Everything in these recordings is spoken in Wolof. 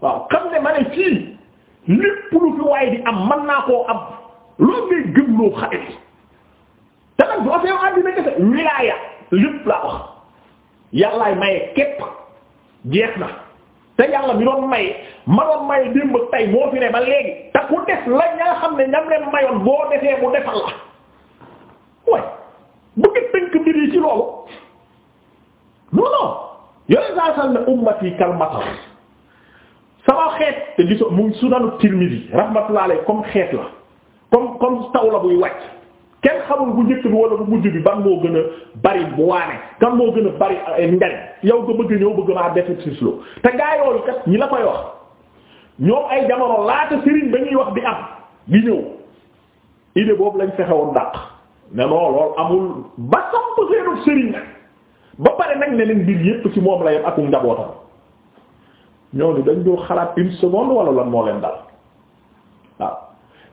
waaw xam ne ma ne fii lépp lu fi waay di am man naa koo am loolu ngay gëm loo xale te nag du affaire àddina kese wilaaya lépp laa wax yàllaay maye képp jeex na te yàlla mi doon maye ma doon maye démb tay moo fi ne ba léegi te ku def la ñaa xam ne ñam leen mayoon boo defee mu defal la way bëgg tënk mbir yi ci loolu non yooyu saa sal ne ummati kal xeet te gisoo mu sunanu Tirmidhi rahmatullahi alayhi comme xeet la comme comme taw la buy wàcc kenn xamul bu njëkk bi wala bu mujj bi ban moo gën a bari bu waane kan moo gën a bari njariñ yow nga bëgg ñëw bëgg naa defet siis te gaa yooyu kat ñi la koy wax ñoom ay jamono laata sëriñ ba ñuy wax di am di ñëw idée boobu lañ fexewoon dàq ne non amul ba samp seenu sëriñ nag ba pare nag ne leen mbir yépp ci moom la yem ak njabootam ñooñu dañ doo xalaat une wala lan moo leen dal waaw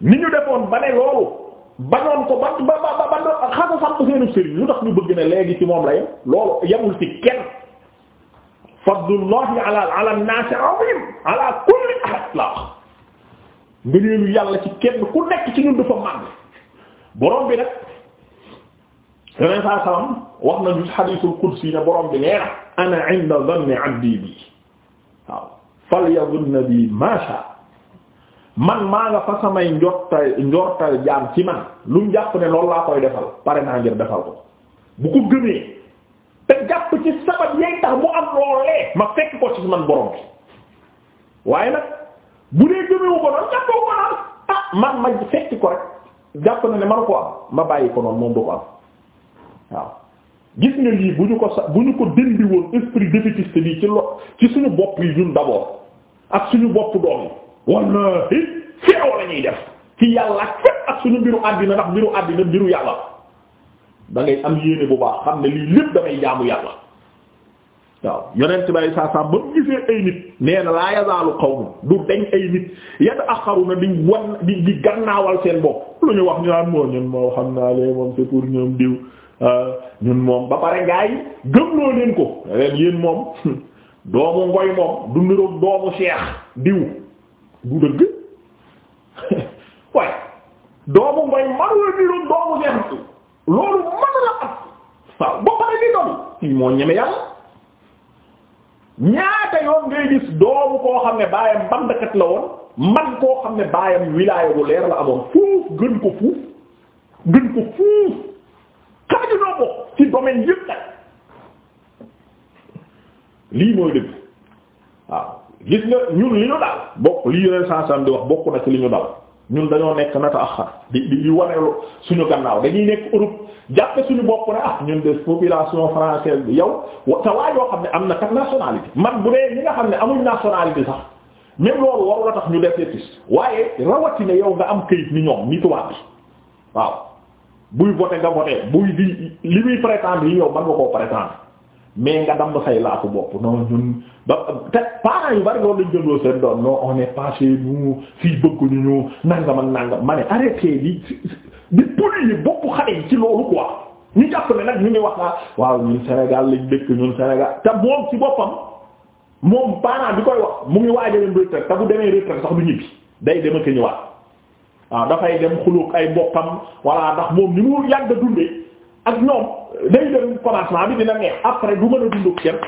ni ñu defoon ba ne loolu bañoon ko ba ba ba ba xasa sàmp seenu sëriñ lu tax ñu bëgg ne léegi ci moom la yem loolu yemul ci kenn fadlullahi ala ala an-nas azim ala kulli ahad la wax ngëneelu ci kenn ku nekk ci ñun dafa màgg borom bi nag yeneen saa salaam wax nañu hadiisul qudsi ne borom bi nee ana inda dhanni abdi waaw falyadunna bi maasha man maa nga fa samay njortal njortal jaam ci man lu mu jàpp ne loolu laa koy defal pare naa ngir defal ko bu ko gëmee te jàpp ci sabab yay tax mu am loolee ma fekk ko ci man borom bi waaye nag bu dee gëmewu ko noonu jàppoo ko noonu ah man ma fekk ko rek jàpp na ne man ko am ma bàyyi ko noonu moom du ko am waaw gis nga lii bu ñu ko sa bu ñu ko dindi woon esprit défaitiste bi ci lo ci suñu bopp yi ñun d'abord ak suñu bopp doom yi wallahi fi aw def ci yàlla ak suñu mbiru àddina ndax mbiru àddina mbiru yàlla da ngay am yéene bu baax xam ne lii lépp damay jaamu yàlla waaw yonent bay saa saa ba mu gisee ay nit nee na laa yazaalu xawmu du dañ ay nit yad axaru na di wan di di gannaawal seen bopp lu ñu wax ñu naan moo ñun moo xam naa lee moom c'est pour Euh, ñun moom ba pare ngaa yi gëmloo leen ko leen yéen moom doomu ngoy moom du niroog doomu seex diw du dëgg waaye doomu ngoy manula niroog doomu seex loolu manula am waaw ba pare di doon kii moo ñeme yàlla ñaata yoon ngay gis doomu koo xam ne baayam mbandkat la woon man koo xam ne baayam wilaaya leer la amoon fuuf gën ko fuuf gën ko fuuf waa ji noo bokk ci domaine yëpp nag lii mooy dëgg waaw gis nga ñun li ñu daal bokk li yeneen sansam di wax bokk na ci li ñu daal ñun dañoo nekk nata di di di waneelu suñu gannaaw dañuy nekk Europe jàppe suñu bokk ne ah ñun de population française bi yow te waa yoo xam ne am na kat nationalité man bu dee ñi nga xam ne amuñ nationalité sax même loolu waru la tax ñu def étis waaye rawatina yow nga am këyit ni ñoom ni tubaab bi waaw buy voté nga voté buy di li muy prétendre yi yow mën nga koo prétendre mais nga damm say laafu bopp non ñun ba te parents yu bari loolu lañ jëndoo seen doom non on est passé nous fii bëgguñu ñu nangam ak nangam ma ne arrêté di di polluer boppu xale yi ci loolu quoi ñu jàpp ne nag ñu ngi wax naa waaw ñun Sénégal lañ dëkk ñun senegal te moom ci boppam moom parent bi koy wax mu ngi waaj a dem retraite te bu demee retraite sax du ñibbi day dem ak ñëwaat. waaw dafay dem xuluk ay mbokkam walla ndax moom ni mu yàgg a dundee ak ñoom day dem commencement bi dina neex après du mën a dund ak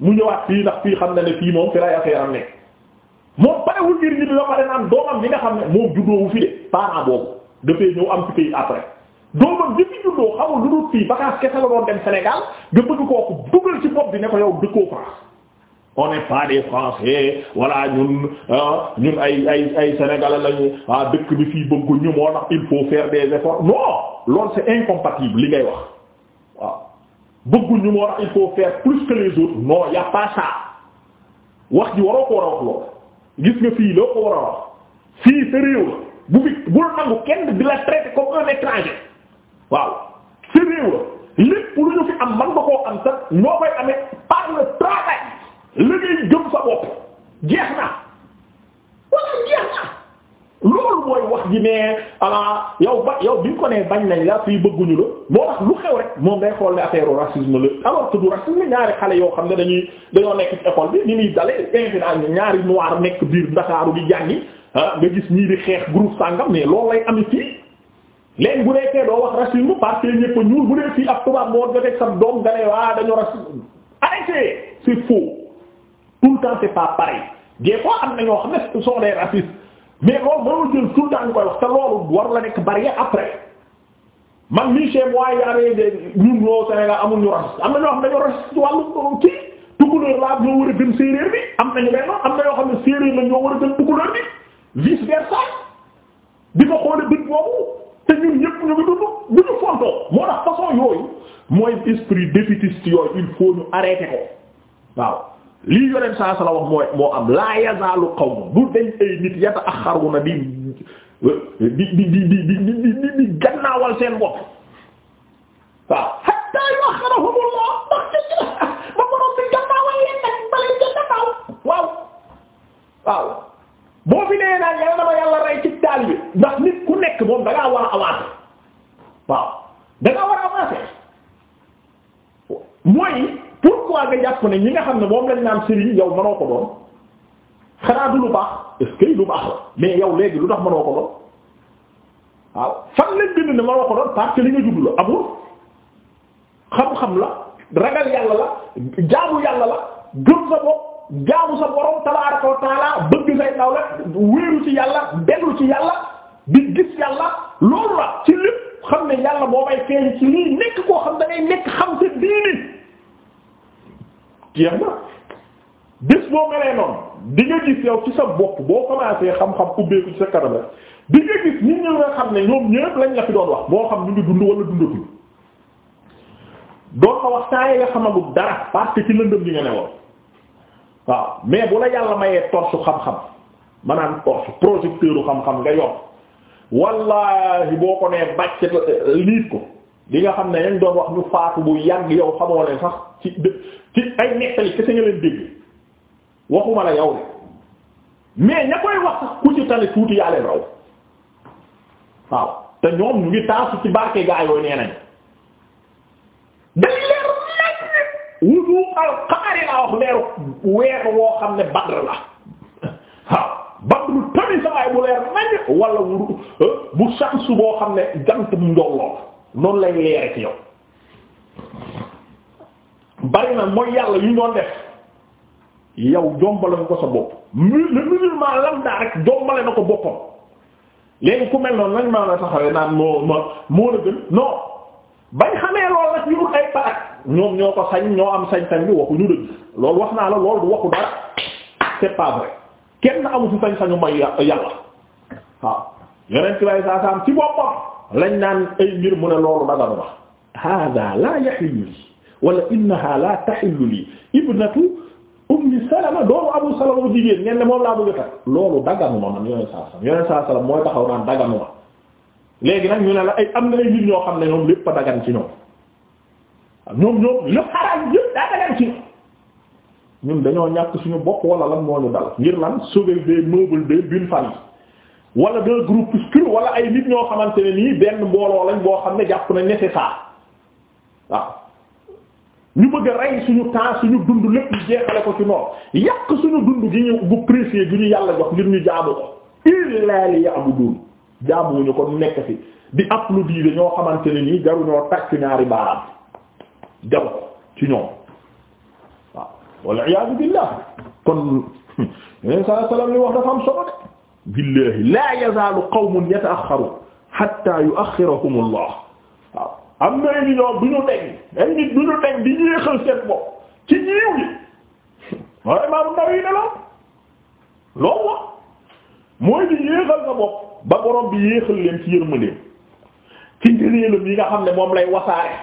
mu ñëwaat fii ndax fii xam na ne fii moom fi lay affaire am nekk moom parewul ngir ñi bi ba pare naan doomam bi nga xam ne moom juddoowu fii de parent boobu dafay ñëw am ci pays après doomam bi fi juddoo xamul lu dul fii vacances kese la doon dem Sénégal nga bëgg kooku dugal ci bopp bi ne ko yow dëkkoo France on n'est pas des français voilà ñun euh, ñun ay ay ay sénégalais lañu ah, dëkk bi fii bëgg ñu moo tax il faut faire des efforts non loolu c'est incompatible li ngay wax waaw bëgguñu moo tax il faut faire plus que les autres non y pas ça wax ji waroo ko war a wax lool gis nga fii loo ko war a wax fii sa réew la bu fi bul nangu kenn di la traiter comme un étranger waaw sa réew la lépp lu ñu fi am man nga koo am sax ñoo koy amee. ji nee ala ba yow bi ñu ko nee bañ nañ la fii bëgguñu la moo tax lu xew rek moom day xool ne affaire racisme la alors que racisme ñaari xale yoo xam ne dañuy dañoo nekk ci école bi ni muy dalee infini ñaari noir nekk biir ndakaaru bi jàngi ah nga gis ñii di xeex groupe sàngam mais loolu lay am fii léegi bu dee kee doo wax racisme parce que ñëpp a ñuul bu dee fii ab tubaab moo jotee sa doom nga ne waa dañu racisme arrêtez c'est faux tout le temps c'est pas pareil des am na ñoo xam ne ce sont des mais loolu mënul jël tout le koy wax loolu war la nekk barrière après man mii chez moi yaaree de ñun ñoo Sénégal amul ñu am na ñoo xam ne dañoo rax wàllu kii tukulóor laa ñoo war a gën séeréer bi am nañu benn am na yoo xam ne séeréer la ñoo war a gën tukulóor bi vice versa di ma xoolee bët boobu te ñun ñëpp ñu ngi dund bu ñu fontoo moo tax façon yooyu mooy esprit défaitiste yooyu il faut ñu arrêter ko waaw. lii yonent saa sala wax mooy moo am laa yazaalu qawm du dañ nit yata'axxaruna di di di di di di di di gannaawal seen bopp waaw hatta yu'axxirahumullah wax dëgg ba borom bi gannaawal leen nag ba leen gannaaw waaw waaw boo fi nee naan yàlla dama yàlla rey ci taal bi ndax nit ku nekk moom da war a avancer waaw da war a avancer mooy. ko nga jàpp ne ñi nga xam ne moom lañ naan sëriñ yow mënoo ko doon xanaa du lu baax est lu baax la mais yow léegi lu tax mënoo ko doon waaw fan lañ bind ne ko doon parce que li nga jublu la amul xam-xam la ragal yàlla la jaamu yàlla la gëm sa bopp jaamu sa borom tabaaraka wa bëgg say ndaw wéeru ci yàlla dellu ci yàlla bi gis yàlla loolu la ci lépp xam ne yàlla moo may feeñ ci lii nekk koo xam da nekk xam sa diini jeex na bés boo melee noonu di nga gis yow ci sa bopp boo commencé xam-xam ubbeeku ci sa kanam rek di nga gis nit ñi nga xam ne ñoom ñëpp lañ la fi doon wax boo xam ñu ngi dund wala dundatuñ doon ko wax saa yi nga xamagum dara parce que ci lëndëm li nga ne woon waaw mais bu la yàlla mayee torsu xam-xam manaan torsu projecteur u xam-xam nga yor wallaahi boo ko nee bàcc liit ko. li nga xam ne yañ doon wax ñu faatu bu yàgg yow xamoo leen sax ci ci ay nettali kese nga leen dégg waxuma la yow de mais ña koy wax sax ku ci tane tuuti yaa leen nee nañ dañ leeru nañ wudu alxaari laa wax leeru weer woo xam ne Badr la waaw Badru tamit sa waay bu leer nañ wala wudu bu shamsu boo xam ne jant mu njolloo noonu lay leere ci yow bari na mooy yàlla yu ñu doon def yow jombale na ko sa bopp le musulman lambda rek jombale na ko boppam léegi ku mel noonu lañ ma la taxawee naan moo moo moo la gën bañ xamee loolu nag yurut ay parak ñoom ñoo ko sañ ñoo am sañ-sañ bi waxu dëgg loolu wax naa la loolu du waxu dara c'est pas vrai kenn amu fi sañ-sañu may yàlla waaw yeneen ci lay saa saam ci boppam lañ naan ay ngir mu ne loolu daganu ma hada la lii wala innaha la taxillu lii ibnatu ummi salama doomu abu salama bu jigéen ngeen moom laa bëgg a takk loolu daganu man yoneen mooy taxaw naan daganu ma léegi ne la ay am na ay mbir ñoo xam ne ñoom lépp a dagan ci ñoom ñoom ñoom lépp xaraam yëpp daa dagan ci ñun dañoo ñàkk suñu bopp wala lan moo ñu dal ngir lan sauver des meubles de d'une famille wala d'un groupuscule wala ay nit ñoo xamante ne nii benn mbooloo lañ boo xam ne jàpp na nécessaire waaw ñu bëgg a rey suñu temps suñu dund lépp ñu jeexale ko ci noor yàq suñu dund gi ñu bu précieux gi ñu yàlla jox ngir ñu jaamu ko illaa li ya'budun jaamuwuñu ko nekk fi di applaudir ñoo xamante ne nii jaruñoo tàcc ñaari baaraam jaru ci ñoom waaw wal iyaadu billah kon yeneen saa salaam li wax dafa am solo de billahi la yazaalu qawmun yata'axxaru hatta yu'axxirahum Allah waaw am na ni ñoom du ñu deñ ay nit du ñu deñ di yéexal seen bopp ci ñiiw yi waaye Imaam Nawawi ne la loolu wax mooy di yéexal sa bopp ba borom bi yéexal leen ci yërmandeem ci ngëneelam yi nga xam ne moom lay wasaare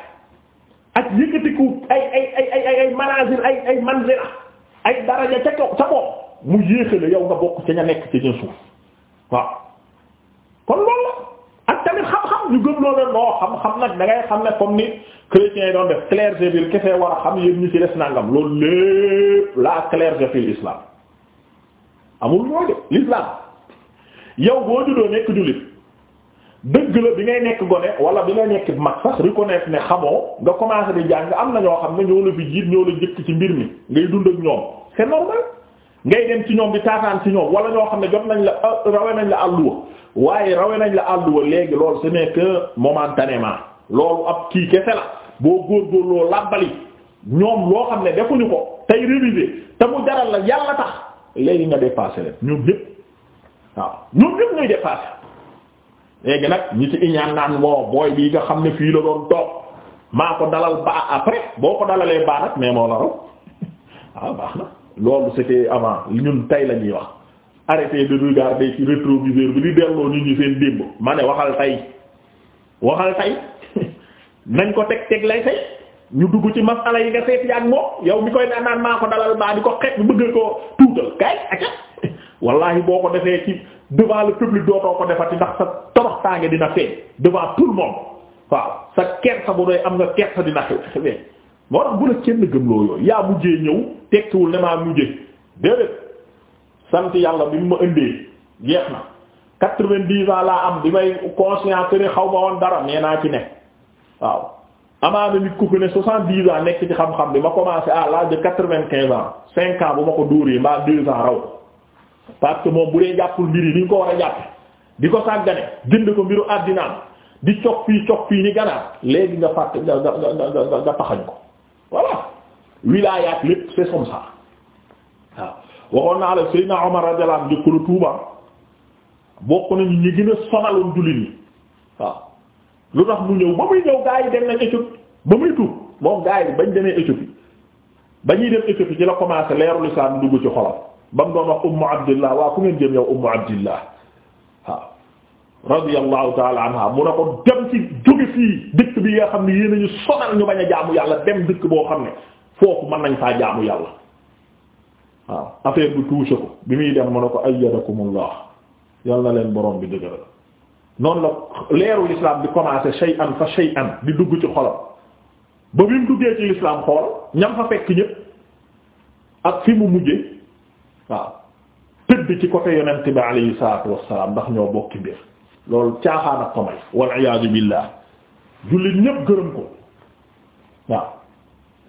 ak yëkkatiku ay ay ay ay ay manazil ay ay manzila ay daraja ca kaw ca bopp mu yéexale yow nga bokk ca ña nekk ca ña suuf waaw kon loolu la ak tamit xam-xam ñu gëm loo leen loo xam-xam nag da xam ne comme ni chrétiens yi doon def clergé kese war a xam yéen ñu ci des nangam loolu lépp laa clergé fil islam amul mooy de l'islam yow boo juddoo nekk jullit dëgg la bi ngay nekk gone wala bi ngay nekk mag sax reconnaître ne xamoo nga commencé di jàng am na ñoo xam ne ñoo la fi jiit ñoo la jëkk ci mbir mi ngay dund ak ñoom c'est normal. ngay dem ci ñoom bi taataan ci ñoom wala ñoo xam ne jot nañ la euh, rawe nañ la àlluwa waaye rawe nañ la àlluwa léegi lool ce n'est que momentanément loolu ab kii kese la boo góorgóorloo làbbali ñoom loo xam ne defuñu ko tey réviser te mu jaral la yàlla tax léegi nga dépassé leen ñoom ñépp waaw ñoom ñépp ngay dépassé nag ñi ci iñaan naan moo booy bii nga xam ne fii la doon toog maa ko dalal baa après boo ko dalalee baa nag mais moo la raw waaw ah, baax na loolu c'était avant ñun tey la ñuy wax arrêtez de regarder ci rétroviseur bi di delloo nit ñi seen démb ma ne waxal tey waxal tey nañ ko teg teg lay tey ñu dugg ci masala yi nga seet ak moom yow mi koy naan naan maa ko dalal baa di ko xet bi bëgg ko tuutal kay aca wallahi boo ko defee ci devant le public dootoo ko defati ndax sa toroxtaange dina feeñ devant tout le monde waaw sa kersa bu doy am nga kersa dina xew moo tax bu la kenn gëmloo yooyu yaa mujjee ñëw tekkiwul ne maa mujje déedéet sant yàlla bi mu ma indee jeex na quatre-vingt-dix ans laa am bi may conscient que ne xaw ma woon dara nee naa ci nekk waaw amaana nit ku ko ne soixante-dix ans nekk ci xam-xam bi ma commencé à l'âge de quatre-vingt-quinze ans cinq ans bu ma ko dóoree mbaa deux ans raw parce que moom bu dee jàppul mbir yi ni ko war a jàppe di ko sàggane jënd ko mbiru àddinaam di cog fii cog fii ni ganaar ko voilà wilaayaat lépp c'est comme waaw waxoon naa la Seydina Omar radiyallahu anhu njëkk la Tuuba bokk nañu ñi gën a sonaloon jullit ñi waaw lu tax mu ñëw ba muy ñëw gaa yi dem nañ Éthiopie ba muy tuub moom gaa yi bañ demee Éthiopie ba ñuy dem Éthiopie ci la commencé leeru lislaam dugg ci xolam ba mu doon wax ummu abdillah waa ku ngeen jëm yow ummu abdillah radiyallahu taala anha mu a ko dem ci jóge fii dëkk bi nga xam ne yéen ñu sonal ñu bañ a jaamu yàlla dem dëkk boo xam ne foofu mën nañ faa jaamu yàlla waaw affaire bi touché ko bi muy dem mu ne ko ayyadakumullah yal leen borom bi dëgëral noonu la leeru l'islam bi commencé shay'an fa shay'an di dugg ci xolam ba bi mu duggee ci l'islam xool ñam fa fekk ñépp ak fi mu mujjee waaw tëdd ci côté yonent bi alayhi salaatu wassalaam ndax ñoo bokki mbir loolu caaxaan ak ko may wal iyaadu billah jullit ñépp gërëm ko waaw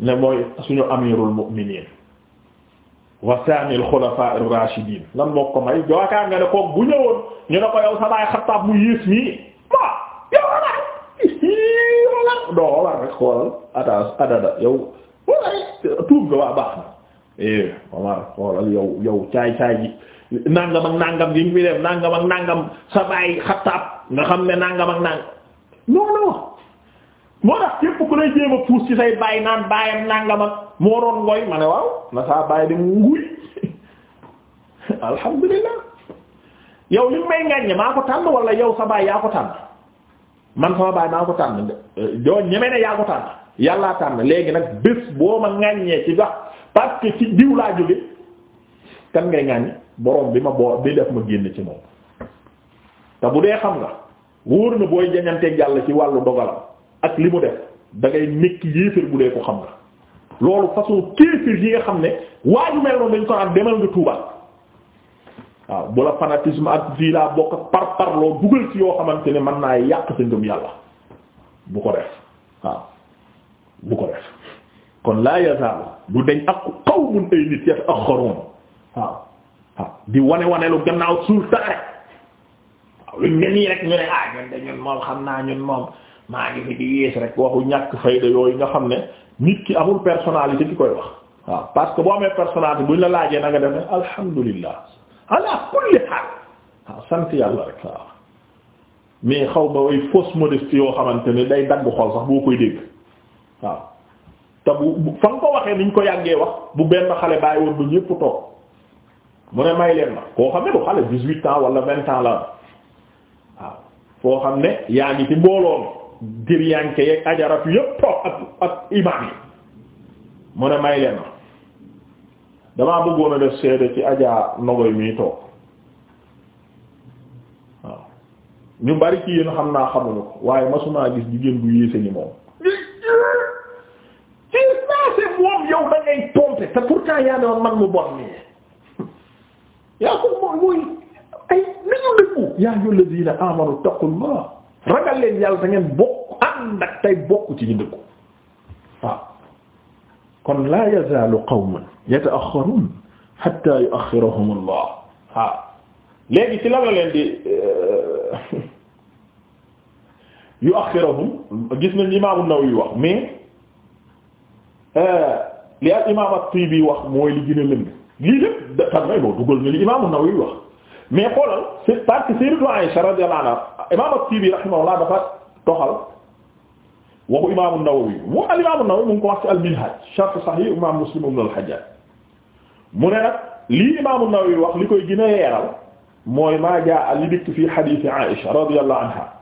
ne mooy suñu amirul mu'minin wa saani al xulafaa moo ko may jookaar nga ne ko bu ñëwoon ñu ne ko yow sa baay mu yées nii ma yow rek xoolal atas adada yow tuub nga waa baax na eh, Omar xoolal yow yow caay caay ji nangam ak nangam yi ñu fi def nangam ak nangam sa baay xattaab nga xam ne nangam ak nangam non non moo tax képp ku lay jéem a puus ci say baay naan baayam nangam ak moo doon ngoy ma ne waaw na saa baay di mu nguy alhamdulillah yow li may ngàññe maa ko tànn wala yow sa baay yaa ko tànn man sama baay maa ko tànn doo ñeme ne yaa ko tànn yàllaa tànn léegi nag bés boo ma ngàññee ci wax parce ci diw laa jóge ngay ngàññ borom bi ma boo bi def ma génn ci moom te bu dee xam nga wóor na booy jañanteeg yàlla ci wàllu dogalam ak li mu def da ngay nekk yéeféer bu dee ko xam nga loolu façon kéeféer yi nga xam ne waa ju mel noonu dañ ko naan demal nga tuuba waaw bu la fanatisme ak fii laa bokk ak par parloo dugal ci yoo xamante ne mën naa yàq sa ngëm yàlla bu ko def waaw bu ko def kon laa yazaalu du deñ ak qawmun ay nit yata'axxaruun waaw di wane wane lu gannaaw suul taare waaw luñ ne nii rek ñu ne ah ñun de ñun moom xam naa ñun moom maa ngi fi di yées rek waxu ñàkk fayda yooyu nga xam ne nit ki amul personnalité ki koy wax waaw parce que boo amee bu ñu la laajee na nga dem ne alhamdulillah ala kulli haal waaw sant yàlla rek waaw mais xaw ma way fausse modestie yoo xamante ne day dagg xol sax boo koy dégg waaw te bu fa nga ko waxee niñ ko yàggee wax bu benn xale bàyyi woon ba mu ne may leen ma koo xam ne du xale dix-huit ans wala vingt ans la waaw xam ne yaa ngi ci mbooloon diryanke yeeg ajaratu yépp ak imaam yi mu ne may leen ma damaa bëggoon a def seede ci ajaa nogoy mii toog waaw ñu bari ci yéen xam naa xamuñu ko waaye masumaa gis jigéen bu yéese ni moom ci naa moom yow da ngay pompe te pourtant yaa ne man mu bon nii yaa ko mooy mooy ay nañu dëggu yaa ayyuhal lazina amanu taqullah ragal leen yàlla da bokk ànd ak tey bokk ci ñu dëggu kon la yazaalu qawmun yata'axxaruun hatta yu'axxirahum allah waaw léegi ci la la leen di euh, yu'axxirahum gis nañ imaam wax mais euh, li al imaam at-Tiibi wax mooy li gën a lii lépp da tam boo dugal nga li imaamu Nawawi wax mais xoolal c'est parce que Sayyidatu Aïsha radiyallahu anha imaam at-Tibi rahimahullah dafa toxal waxu al imaamu Nawawi mu ngi ko wax al-Minhaj sharh Sahih imaam Muslim ibn al-Hajjaj mu ne nag lii imaamu wax li koy gën a yeeral mooy maa jaa li dikk fii hadith Aïsha radiyallahu anha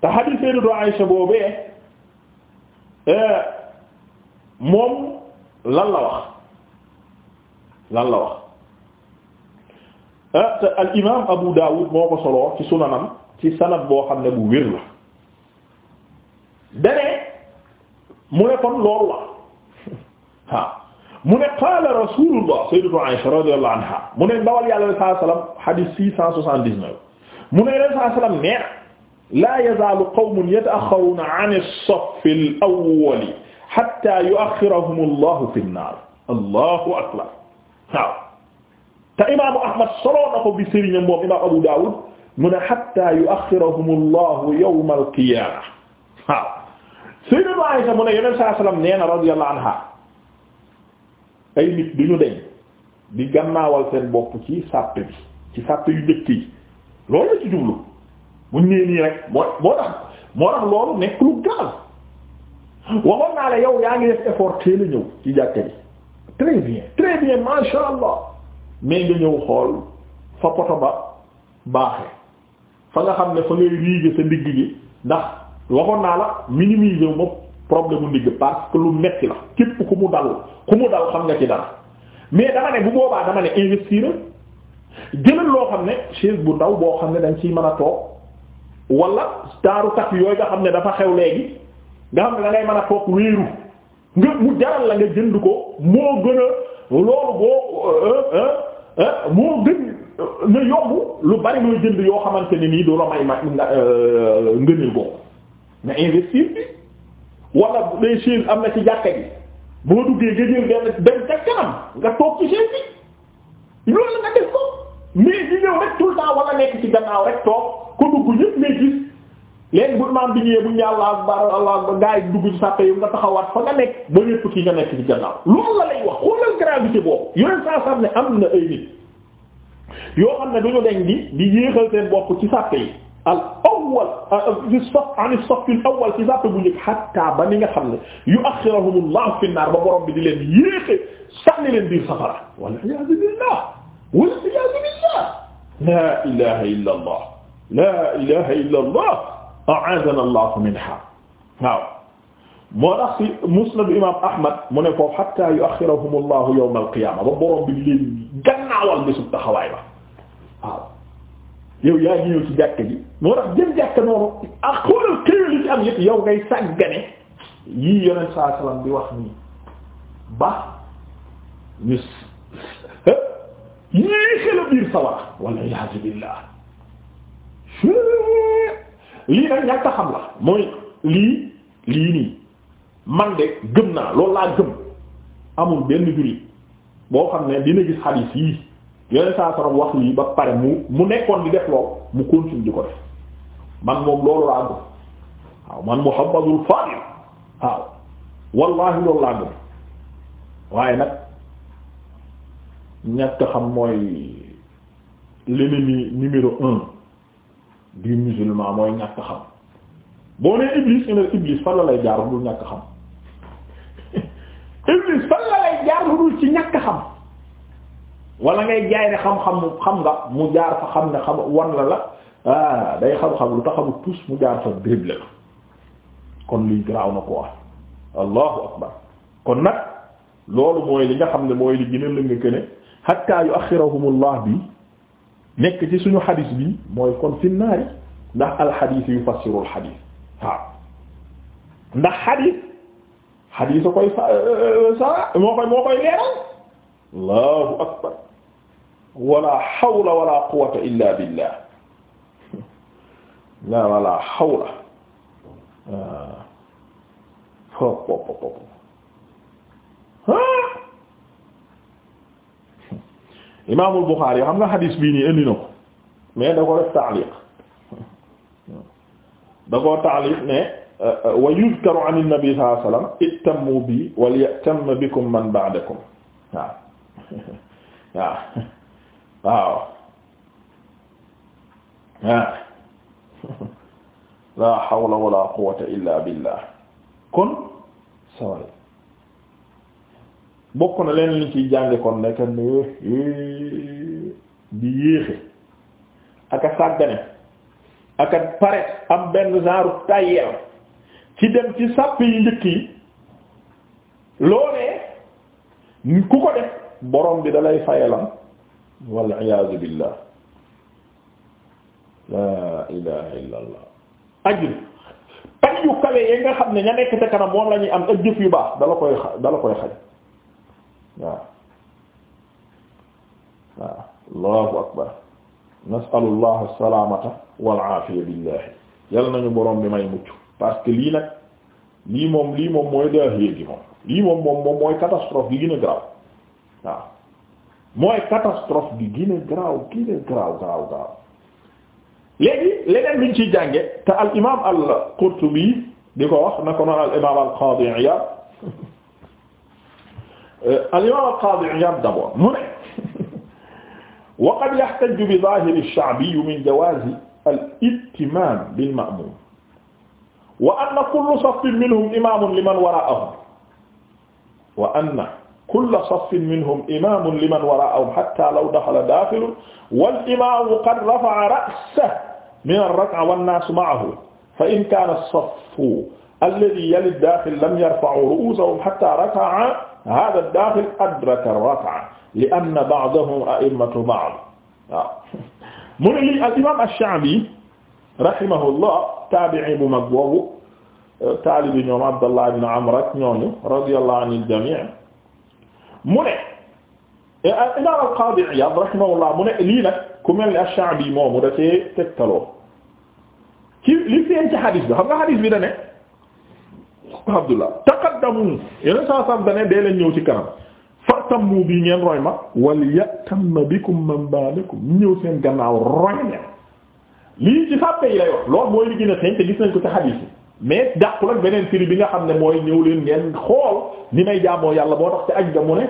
te hadith Sayyidatu Aïsha boobee eh, moom lan wax. lan la wax ah, te al imaam Abu Dawud moo ko soloo ci sunanam ci sanad boo xam ne bu wér la danee mu ne kon loolu la waaw mu ne qaala rasulullah sayyidatu Aisha radiyallahu anha mu ne ndawal yàlla sallallahu alayhi wasallam hadith six cent soixante-dix-neuf mu ne sallallahu alayhi wasallam nee la yazaalu qawmun yata'axxaruuna an as-saffi al-awwali hatta yu'axxirahum Allahu fi an-naar Allahu akbar waaw te imaamu ahmad soloo na ko bi sëriñam moom imaam abu daawud mu ne hatta yu'akhirahum allahu yawm al-qiyaamah waaw sayyidatu Aisha mu ne yonent saa sallam nee na radiyallahu anha seen bopp ci sàppe bi ci sàppe yu njëkk yi loolu la ci jublu buñ nee nii rek moo moo tax moo tax loolu nekk lu gaal waxoon naa la yow yaa ngi def effort teel a ñëw ci jàkka ji très bien très masha allah mais nga ñëw xool fa poto ba baaxee fa nga xam ne fa ngay riige sa ndigg gi ndax waxoon naa la minimiser wu ma problème mu ndigg parce que lu metti la képp ku mu dal ku mu dal xam nga ci dara mais dama ne bu boobaa dama ne investir jëlal loo xam ne chaise bu ndaw boo xam ne dañ ci mën a toog wala taaru tax yooyu nga xam ne dafa xew léegi nga xam ne dangay ngay mën a toog wéeru nga mu jaral la nga jënd ko moo gën a loolu boo euh, euh, euh, moo gën na yobbu lu bari mooy jënd yoo xamante ni nii du la may ma ngëneel boobu nga investir bi wala les am na ci jàkka ji boo duggee nga jël benn benn ca kanam nga toog ci chaise bi loolu nga def ko mais di rek tout le temps wala nekk ci gannaaw rek toog ko dugg ñëpp ngay gis bu imaam bi ñëwee bu ñu Allahu akbar Allahu akbar gaa yi dugg ci sàppe yu nga taxawaat fa nga nekk ba ñépp ki nga nekk ci gannaaw loolu la lay wax xoolal gravité boobu yooyu saa sax ne am na ay nit yoo xam ne duñu deñ di di yéexal seen bopp ci sàppe yi al awwal fi saff an saff al awwal ci sàppe bu njëkk hatta ba ni nga xam ne yu axirahumullahu fi naar ba borom bi di leen yéexe sànni leen biir safara wal iyaazu billah wal iyaazu billah la ilaha illa allah la ilaha illa allah a'aadana Allahu minha waaw moo tax ci musnad imaam Ahmad mu ne foofu hatta yu'akhirahum Allahu yawm al-qiyaama ba borom bi leen gannaawal bésu taxawaay ba waaw yow yaa ngi ñëw ci jàkka ji moo tax jëm jàkka noonu ak xoolal këyoo li ci am yëpp yow ngay sàggane yii yonent saa salaam bi wax nii ba ñu yéexee la biir sawar wal iyaazu billaah lii nag ñàkk a xam la mooy lii lii nii man de gëm naa loolu laa gëm amul benn jullit boo xam ne dina gis xadiis yii yeneen saa saram wax lii ba pare mu mu nekkoon di def lool mu continue di ko def man moom loolu laa gëm waaw man Muhammadul Faadil waaw wallahi loolu laa gëm waaye nag ñàkk xam mooy l'ennemi numéro un du musulman mooy ñàkk xam boo nee iblis nga iblis fan la lay jaar lu ñàkk xam iblis fan lay jaar lu dul ci ñàkk xam wala ngay jaay ne xam-xam nga mu jaar fa xam ne xam wan la la ah day xam-xam lu taxawu tous mu jaar fa dribble la kon liy garaaw na ko allahu akbar kon nag loolu mooy li nga xam ne mooy li gën a lëng que ne hatta bi. nekk ci suñu xadis bi mooy kon fi naari ndax alxadis yu fassirul xadis waaw ndax xadis xadis a koy euh, sa moo koy moo koy leeral allahu akbar wala hawla wala quwwata illa billah la wala hawla waaw ah. imaamul Buxaari xam nga xadiis bii nii indi na ko mais da ko def taaliq da ko taaliq ne wa yuzkaru an nabi sallallahu alayhi wasallam ittammu bi wal ya'tamma bikum man ba'dakum waaw waaw waaw la hawla wala quwwata illa billah kon sawal bokk na leen li ci jànge kon nekk di yéexe ak a sàggane ak a pare am benn genre tayel ci dem ci sàpp yi njëkk yi loolee ku ko def borom bi dalay fayalam wal iyaazu billah laa ilaha illa xam ne ña nekk ca kanam ak jëf yu baax dala koy xa dala koy xaj waaw waaw allahu akbar nasalullah alsalamata wal aafiya billahi yal nañu borom bi may mucc parce que lii nag lii moom lii moom mooy daahiya gi moom lii moom moom moom mooy catastrophe gi gën a garaaw waaw mooy catastrophe gi gën a garaaw gën a garaaw garaaw garaaw léegi leneen luñ ciy jànge te al imam al Qurtubi di ko wax na ko noon al imam al Qadi Iyad Euh, al-imam al-qadi Iyad d'abord mu ne wa qad yahtaju bi zahiri ash-sha'bi min jawazi al-ittimam bil-ma'mum wa anna kulla safin minhum imamun liman wara'ahum wa anna kulla safin minhum imamun liman wara'ahum hatta law dakhala dakhilun wal-imamu qad rafa'a ra'sahu min ar-rak'a wan-nasu ma'ahu fa in kana as-saffu alladhi yali ad-dakhil lam yarfa'u ru'usahum hatta raka'a hada daaxil adraka rafa li anna ba'dahum a'immatu ba'd waaw mu ne lii al imam ash-Sha'bi rahimahullah taabi'i bu mag boobu taalibi ñoom Abdallah ibn Amr ak ñooñu radiyallahu anil jami' mu ne imam al-Qaadi Iyaad rahimahullah mu ne lii nag ku mel ni ash-Sha'bi moomu da cee tegtaloo ci li seen ci xadis bi xam nga xadis bi da ne Abdullah taqaddamu yeneen saa saaf dane dee leen ñëw ci kanam fa tammu bi ngeen roy ma wal yatamma bikum man ba'dakum ñëw seen gannaaw roy lii ci sàppe yi lay wax mooy li gën a feeñ te gis nañ ko ci xadiis yi mais dàqul ak beneen firi bi nga xam ne mooy ñëw leen ngeen xool ni may jaamoo yàlla boo tax ci aj ga mu ne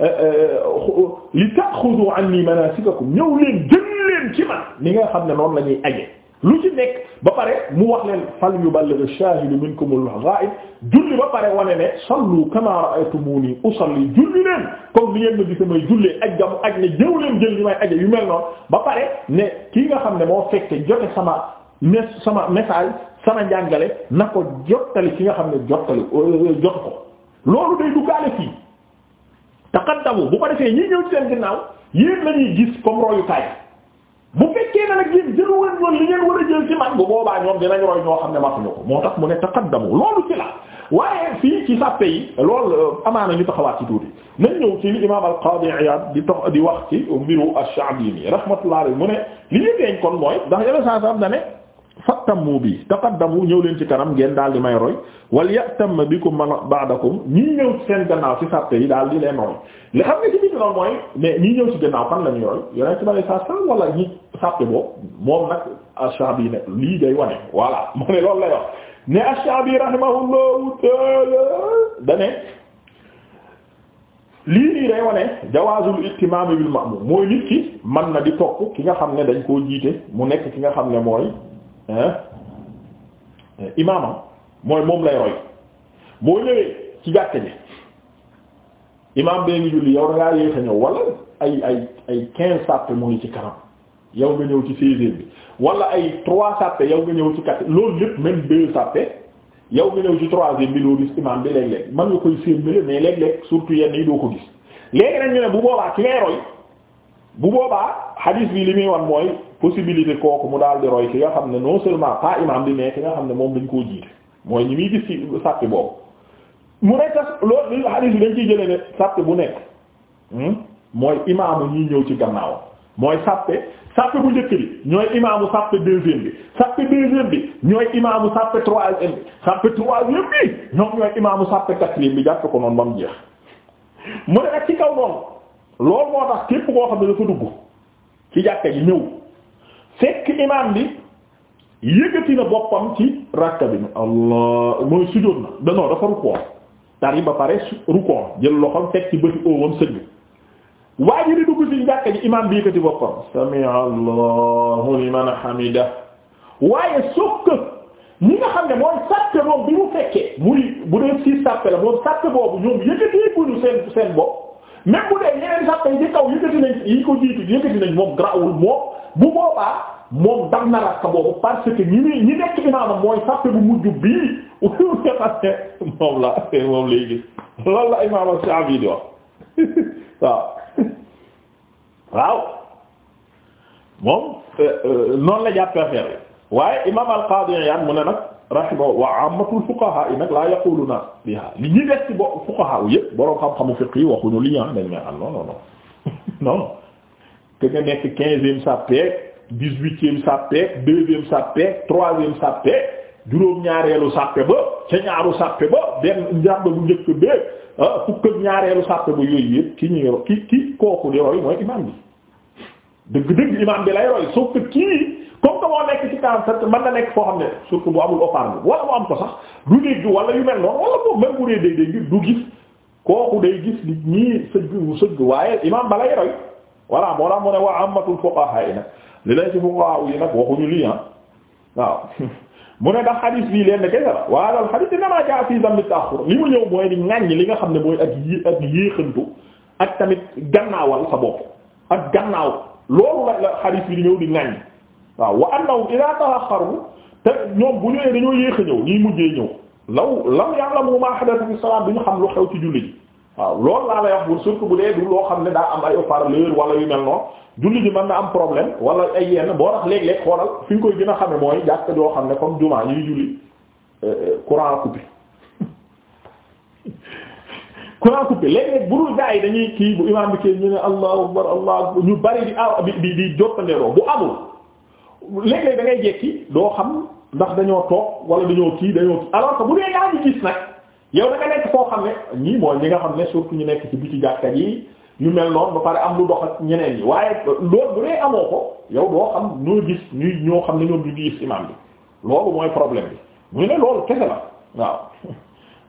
euh, euh, li ta'khudhu anni manasikakum ñëw leen jël leen ci ma ni nga xam ne noonu la ñuy aje lu ci nekk ba pare mu wax leen fal yuballigh ash-shahidu minkumul ghaib julli ba pare wane ne sallu kama ra'aytumuni usalli julli leen comme ni ngeen ma di may jullee aj gamu aj ne jëw leen jël li may aje yu mel noonu ba pare ne kii nga xam ne moo fekke jote sama sama message sama njàngale na ko jottali ki nga xam ne jottali euh, jot ko loolu day duggaale fii taqaddamu bu ko defee ñi ñëw ci seen ginnaaw yéen la ñuy gis comme royukaay bu fekkee ne nag yéen jëlu woon ñoom li ngeen war a jël man bu boobaa ñoom dinañ roy ñoo xam ne matuñu ko moo tax mu ne taqaddamu loolu ci la waaye fii ci sàppe yi loolu euh, amaana ñu taxawaat ci tuuti nañ ñëw ci li imaam al-Qaadi Iyaad di tax di wax ci mbiru ash-Sha'bi mi rahmatullahi alayhi mu ne li ñu deeñ kon mooy ndax yeneen saa na ne fattamu bi taqaddamu ñëw leen ci kanam ngeen daal di may roy wal ya'tam bikum man ba'dakum ñii ñëw seen gannaaw ci sàppe yi daal di leen roy li xam ne ci biir ñii ñëw ci gannaaw fan la ñu roy yonent bi saa saa sàppe boobu moom nag Ash-Sha'bi yi ne lii day wane voilà mu loolu lay wax ne Ash-Sha'bi rahimahullahu ta'ala da ne lii day wane jawaazul ittimaam bil ma'muum mooy nit ki man na di topp ki nga xam ne dañ koo jiite mu nekk ki nga xam ne mooy Eh, imaamam mooy moom lay roy boo ñëwee ci jàkka bi imaam bee ngi julli yow da ngaa a ñëw wala ay ay ay quinze sàppe mu ngi ci kanam yow nga ñëw ci seizième bi wala ay trois sàppe yow nga ñëw ci loolu lépp même deux sàppe yow nga ñëw ci troisième bi doo gis imaam bi léeg-léeg mën nga koy séenale mais léeg-léeg surtout yenn yi doo bu boobaa ki ngay roy bu boobaa hadith bi li muy wan mooy possibilité kooku mu daal di roy ki nga xam ne non seulement pas imam bi mais ki nga xam ne moom dañ koo jiite mooy ñi muy gis ci sàpp boobu mu ne tas loolu li hadith bi dañ ciy jëlee ne sàpp bu nekk hmm, mooy imaamu ñi ñëw ci gannaaw mooy sàppe sàppe bu njëkk bi ñooy imaamu sàppe deuxième bi sàppe deuxième bi ñooy imaamu sàppe troisième bi sàppe troisième bi ñoom ñooy imaamu sàppe quatrième bi jàpp ko noonu ba mu jeex mu ne ci kaw noonu lool moo tax képp koo xam ne dafa dugg ci jàkka ji ñëw fekk imaam bi yëkkati na boppam ci rakka bi allah mooy sujjóot na danoo dafa rukkoo tari ba pare rukkoo jël loxoom teg ci bëti óowam sëgg waa ji dugg ci jàkka ji imaam bi yëkkati boppam sami'a allahu liman hamida waaye sokk ñi nga xam ne moom sàppe moom bi mu fekkee muy bu dee sii sàppe la moom sàppe boobu ñoom yëkkatee bu ñu seen bopp même bu dee yeneen sàppe yi ci kaw yëkkati nañ yi ko jiitu yëkkati nañ moom grawul moom bu boobaa moom dam na rakka boobu parce que ñi ni ñi nekk imaamam mooy sàppe bu mujj bii nga xam ne moom la moom lay gis loolu la imaam Shaafi di wax waaw waaw moom euh, euh, noonu la jàppe affaire waaye imaam al-Qaadi Iyaad mu ne nag rahima wa ammatul fuqaha yi nag laa yaquluna biha li ñuy des ci bo fuqaha wu yëpp boroom xam-xamu fiqh yi waxuñu li ah dañ may am non non non non que nga nekk quinzième sappeek dix-huitième sappeek deuxième sappeek troisième sappeek juróom-ñaareelu sappe ba ca ñaaru sappe ba benn njàmb bu njëkk ba ah fukk ak ñaareelu sappe ba yooyu yëpp ki ñuy ki ki kooku di roy mooy imaam bi dëgg-dëgg imaam bi lay roy sauf que kii. comme que moo nekk ci sa man na nekk foo xam ne surtout bu amul haut-parleur wala mu am ko sax du dégg wala yu mel noonu wala moom même bu dee day dégg du gis kooku day gis nit ñi sëgg bu sëgg waaye imaam balay roy voilà moo tax mu ne waa amatul fuqaha yi nag li lay ci fuqaha yi nag waxuñu lii ah waaw mu ne ndax xadis bii leen kese la waaye loolu xadis dina maa jaa fii taaxur li mu ñëw mooy di ŋaññi li nga xam ne mooy ak yé ak yéexantu ak tamit gannaawal sa bopp ak gannaaw loolu la la di ñëw di waaw wa annahum idha ta'akhkharu te ñoom bu ñëwee dañoo yéex a ñëw ñuy mujjee ñëw law law ya'lamu ma hadatha fi salat bi ñu xam lu xew ci julli ji waaw loolu laa lay wax bu surtout bu dee du loo xam ne daa am ay haut-parleur wala yu mel noonu julli yi mën na am problème wala ay yenn boo tax léeg-léeg xoolal fi nga koy gën a xame mooy jàkk joo xam ne comme jumaa ñuy julli euh, courant coupé courant coupé léeg-léeg bu dul gaa yi dañuy kii bu imam bi kii ñu ne ñu bari di aw di di jottandeeroo bu léeg-léeg da ngay jekki doo xam ndax dañoo toog wala dañoo kii dañoo kii alors bu dee yaa ngi gis nag yow da nga nekk foo xam ne ñii mooy ñi nga xam ne surtout ñu nekk ci ci jàkka yi ñu mel noonu ba pare am lu dox ak ñeneen ñi waaye loolu bu dee amoo ko yow doo xam ñoo gis ñu ñoo xam ne ñoom ñu ngi gis imam bi loolu mooy problème bi ñu ne loolu kese la waaw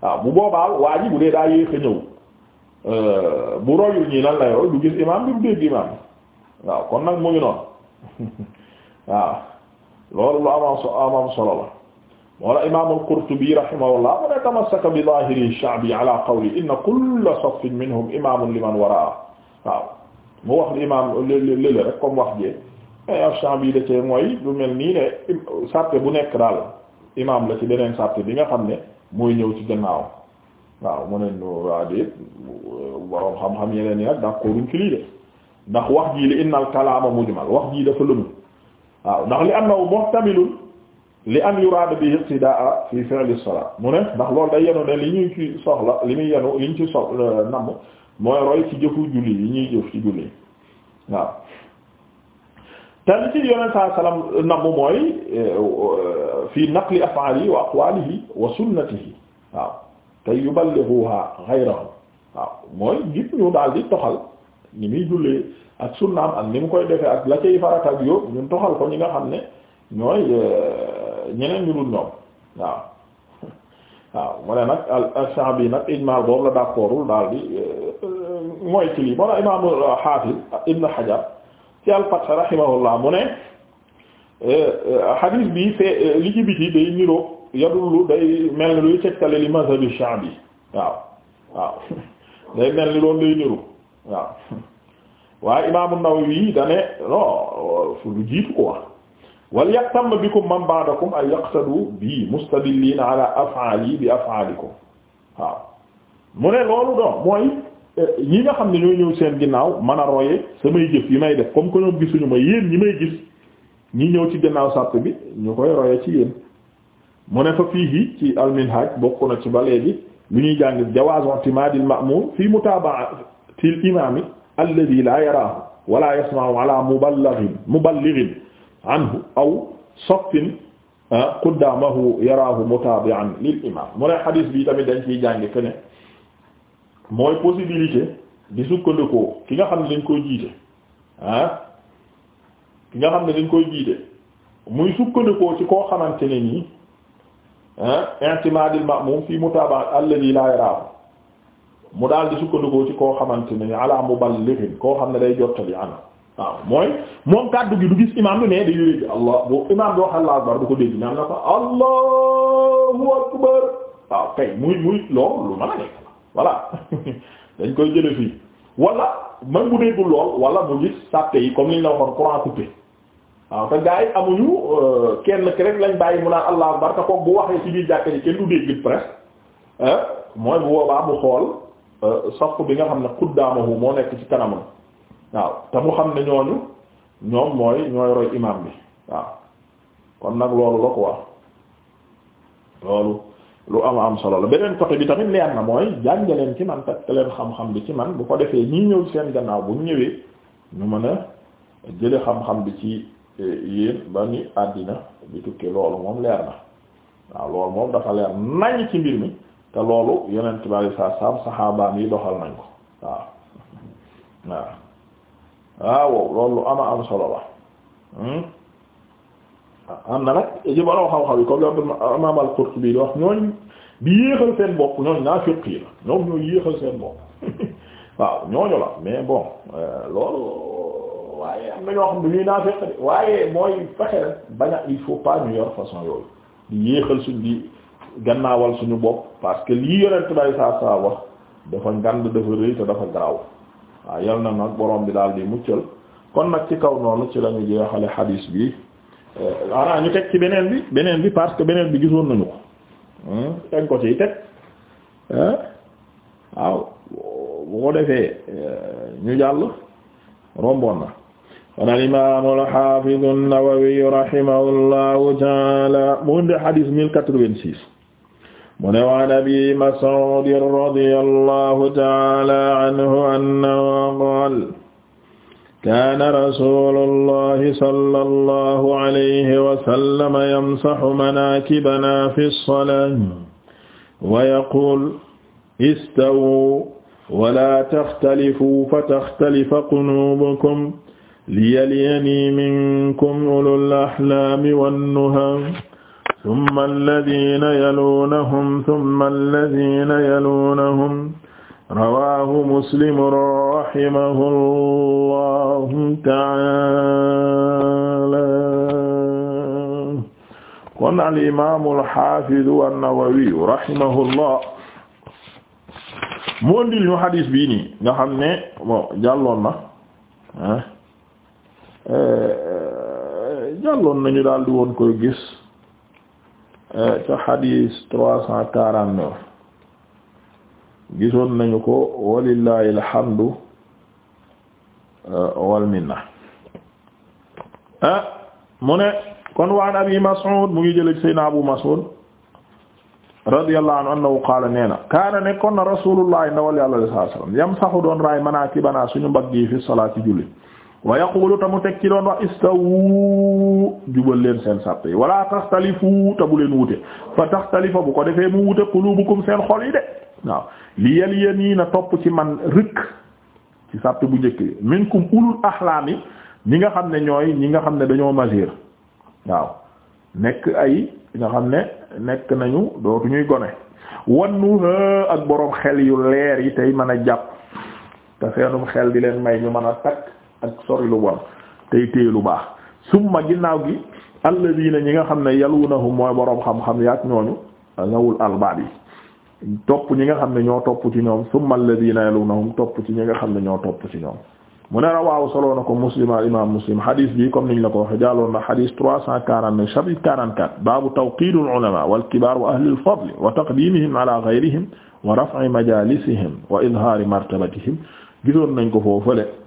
waaw bu boobaa waa ji bu dee daa yéex a ñëw euh, bu royul ñii lan la yow du gis imam bi du dégg imam bi waaw kon nag mu ngi noonu waaw loolu lu amam amam solo la wala imam al-Qurtubi rahimahullah man tamassaka bi zahiri ash-sha'bi ala qawli inna kulla saffin minhum imamun liman wara'a waaw mu wax li imam lële rek comme wax jee eh, ash-Sha'bi da cee mooy lu mel nii ne sàppe bu nekk daal imam la ci beneen sàppe bi nga xam ne mooy ñëw ci gannaaw waaw mu ne waa déet boroom xam-xam yeneen yi nag d'accord ci lii de ndax wax jii li innal kalaama mujmal wax jii dafa lëmu waaw ndax li annahu muhtamilun li an yuraada bihi ibtidaa fi fi'li salaat mu ne ndax loolu day yenu ne li ñu ci soxla li muy yenu li ñu ci soxla euh, namm mooy roy ci jëfu julli yi ñuy jëf ci julli waaw te li ci yonent saa salaam euh, namm mooy euh, fi naqli af'aalihi wa aqwaalihi wa sunnatihi waaw te yuballighuha ghayrahu waaw mooy ngir ñu daal di toxal ni muy jullee ak sunnaam ak ni mu koy defee ak la cay farata ak yóbbu ñun toxal ko ñi nga xam ne ñooy euh, ñeneen ñu dul ñoom waaw waaw mu ne nag al-Sha'bi nag ijmaa boobu la d'accordul daal di euh, euh, mooy ci lii moo na imaam al Ibn Hajar ci al-Fath rahimahullah mu ne hadith bi fee li ci biti day niroo yadullu day mel ni luy cekkale li mazhabi Sha'bi waaw waaw day mel ni loolu day niru waaw waa imaamu Nawawi da ne non fu lu jiitu ko wax wal yaqtam bikum man ba'dakum ay yaqsadu bi mustadillina ala af'ali bi af'alikum waaw mu ne loolu doon mooy eh, ñi nga xam ne ñoo ñëw seen ginnaaw man a roye samay jëf yi may def comme que ñoom gisuñu ma yéen ñi may gis ñi ñëw ci ginnaaw sàpp bi ñu koy roye ci yéen mu ne fa fii ci alminhaj bokk na ci ba léegi lu ñuy jàng jawaaz i'timaadil ma'muum fii mutaabaati al imaam alladi la yaraahu wala yasma'u ala muballighin muballighin anhu aw saffin ah, quddaamahu yaraahu mutaabi'an lil imaam mu ne bi tamit dañ ciy jànge que mooy possibilité di sukkandikoo ki nga xam ne dañ koy jiite ah, ki nga xam ne dañ koy jiite muy sukkandikoo ci koo xamante ne nii ah i'timaadil ma'muum la yaraahu mu daal di sukkandikoo ci koo xamante ne ala muballighin koo xam ne day jottali ana waaw mooy moom kàddu gi du gis imaam bi mais day yéegi allah bu imaam bi wax allah akbar du ko dégg ñaan na ko allahu fii wala man bu wala mu yi comme liñ la waxoon courant coupé waaw euh, ki rek lañ bàyyi mu naan allah akbar te kooku bu waxee ci biir jàkka ji kenn du dégg presque mooy bu boobaa mu xool Euh, sopp bi nga xam ne xuddaamahu moo nekk ci kanamam waaw te mu xam ne ñooñu ñoom mooy ñooy roy imam bi waaw kon nag loolu la quoi loolu lu am am solo la beneen côté bi tamit leer na mooy leen ci man takk leen xam-xam bi ci man bu ko defee ñii ñëw seen gannaaw bu ñëwee ñu mën a jële xam-xam bi ci eh, yéen ba ni àddina bi tukkee loolu moom leer na waaw loolu moom dafa leer nañ ci mbir mi te loolu yonent bi alay saa saam saxaabaam yi doxal nañ ko waaw waaw loolu ama am solo la hmm? am na nag jëbaloo xaw-xaw yi comme la imaam al-Qurtubi di wax ñooñ bi yéexal seen bopp ñooñ naafiq yi la ñoom ñooy yéexal seen bopp waaw ñooñu la mais bon euh, loolu waaye am na xam ne ñuy naafiq waaye mooy fexe bañ a il faut pas ñu yor façon yooyu di yéexal suñ di gannaawal suñu bopp parce que lii yonent bay saa saa wax dafa ngand dafa rëy te dafa garaaw waaw yal na ak boroom bi daal di muccal kon nag ci kaw noonu ci lañu jeexale xadiis bi euh, ana ñu teg ci beneen bi beneen bi parce que beneen bi gisoon nañu ko hmm? teg ko ci teg waaw bu ko defee euh, ñu jàll romboon na kon al imaam al xaafiz an-Nawawi rahimahullahu taala mu indi xadiis mille quatre-vingt-six mu ne waan abi Mas'ud radiyallahu ta'ala anhu annahu qaala kaana rasuulullahi sallallahu alayhi wa sallam yamsahu manaakibana fi salaati wa yaquulu istawuu wa laa taxtalifuu fataxtalifa quluubukum liyaliyanii minkum ulul ahlaami wan nuhaa ثم الذين يلونهم ثم الذين يلونهم رواه مسلم رحمه الله تعالى kon الإمام الحافظ النووي رحمه الله moo ndil ñu xadis bii nii nga xam ne bon jàlloon na ah jàlloon nañu daal di woon koy gis ca eh, xadiis trois cent quarante-neuf gisoon nañu ko walillahi alhamdu eh, wal minna ah mu ne kon waan abi Mas'ud mu ngi jële sayna Abu Mas'ud radiyallahu anhu annahu qaala nee na kaana nekkoon na Rasulullah ndawal yàlla sallallahu alayhi wasallam yam saxu doon raay manaa kibanaa suñu mbagg yi fi salaati julli wa yaqulu ta mu teg ci doon wax istawu jubal leen seen sàpp yi wala taxtalifu ta bu leen wute fa taxtalifa bu ko defee mu wute qulubukum seen xol yi de waaw li yaliyen yi na topp ci man rëkk ci sàpp bu njëkk bi minkum ulul axlaam yi ñi nga xam ne ñooy ñi nga xam ne dañoo majeur waaw nekk ay nga xam ne nekk nañu dootu ñuy gone wannu ak boroom xel yu leer yi tey mën a jàpp te seenum xel di leen may ñu mën a takk ak sori lu bon tey téye lu baax summa ginnaaw gi alladina ñi nga xam ne yalunahum mooy boroom xam-xam yaak ñooñu ñawul albaab yi topp ñi nga xam ne ñoo topp ci ñoom summa alladina yalunahum topp ci ñi nga xam ne ñoo topp ci ñoom mu ne rawaaw soloo na ko muslim al imam muslim hadith bi comme niñ la ko waxe jàlloon na hadith trois cent quarante-neuf chapitre quarante-quatre baabu tawqidul ulama wal kibar wa ahlil fadl wa taqdimihim ala ghayrihim wa raf'i majalisihim wa idhari martabatihim gisoon nañ ko foofale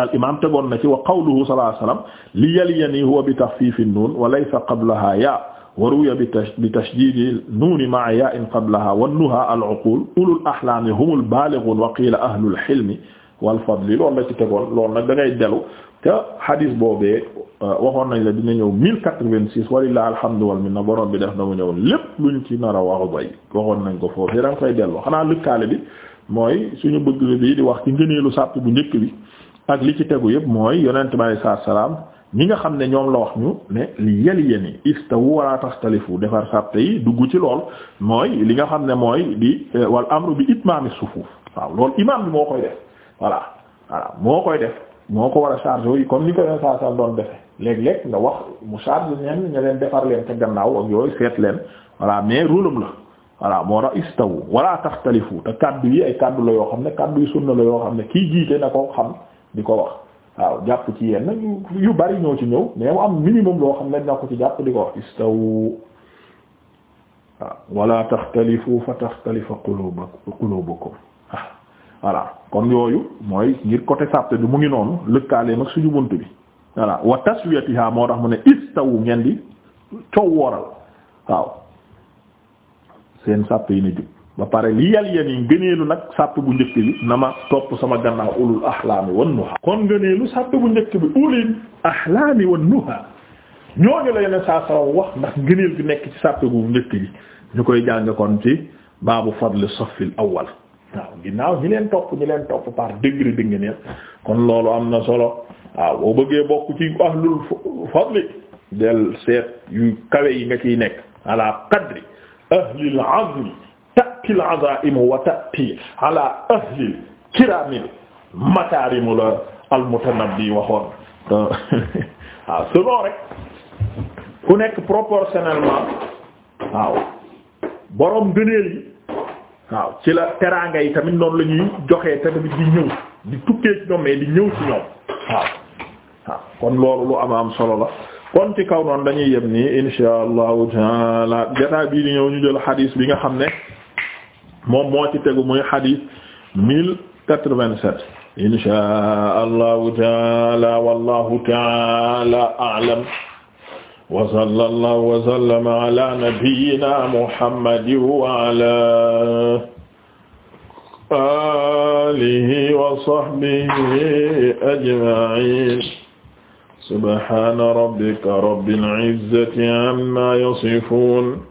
al imam tegoon na ci wa qawluhu sallallahu alayhi wasallam li yaliyani huwa bi taxfiifi nuun wa laysa qablaha yaa wa ruwiya bi tashdidi nuuni ma'a yaa'in qablaha wa nuha al uqul ulul ahlaami humul baalighun wa qiila ahlul hilmi wal fadli loolu la ci tegoon loolu nag da ngay dellu te hadis boobee uh, waxoon nañ la dina ñëw 1086 walillahi alhamdu wal minna borom bi def na mu ñëw lépp luñ ci nar a waxu bay waxoon nañ ko foofu da nga koy dellu xanaa lëkkaale bi mooy suñu bëgg bii di wax ci ngëneelu sàpp bu njëkk bi ak li ci tegu yëpp mooy yonent bi alayhi salaatu salaam ñi nga xam ne ñoom la wax ñu ne li yeli yeni istawu wala taxtalifu defar sàppe yi dugg ci lool mooy li nga xam ne mooy di eh, wal amru bi itmaami sufuuf waaw loolu imaam bi moo koy def voilà voilà moo koy def moo ko war a chargé yi comme ni ko yonent saa salaam doon defe léeg-léeg nga wax mu chargé ñeen ña leen defar leen ca gannaaw ak yooyu seet leen voilà mais rôlam la voilà moo tax istawu wala taxtalifu te kaddu yi ay kaddu la yoo xam ne kaddu yu yoo xam ne kii jiite na ko xam di ko wax waaw jàpp ci yenn yu bari ñoo ci ñëw mais mu am minimum loo xam ne dina ko ci jàpp di ko wax istaw waaw taxtalifu fa taxtalifa qulubukum qulubukum ah, voilà kon yooyu mooy ngir côté sàppe bi mu ngi noonu lëkkaale nag suñu bunt bi voilà wa taswiyatiha moo tax mu ne istaw ngeen di coow wooral waaw seen sàppe yi ne jub ba pare li yal yéen yi ngëneelu nag sàpp bu njëkk bi na ma topp sama gannaaw ulul ahlaami wan nuha kon ngëneelu sàpp bu njëkk bi ulul ahlaami wan nuha ñooñu la yeneen saa salaw wax ndax ngëneel bi nekk ci sàpp bu njëkk bi ñu koy jàng kon ci baabu fadl safil awwal waaw leen topp ñi leen topp par degré di ngëneel kon loolu am na solo waaw bokk ci ahlul yu kawe yi nga ciy nekk ala qadri ahlil azmi tati al-azaa'imu wa tati ala ahli al-kiraamil la al-Mutanabbi waxoon waaw ah, selon rek ku nekk proportionnellement waaw borom gëneel yi waaw ci la teraanga yi tamit noonu la joxe joxee te tamit di ñëw di tukkee ci ñoom di ñëw ci ñoom waaw waaw kon loolu lu am am solo la kon ci kaw noonu dañuy yem nii insha allahu taala bii di ñëw ñu jël xadiis bi nga xam ne moom moo ci tegu muy xadis mille quatre-vingt-sept insha allahu taala wallahu taala a'lam wa sallallahu wa sallama ala nabiyyina muhammadin wa ala alihi wa sahbihi ajma'in subhana rabbika rabbil izzati amma yasifun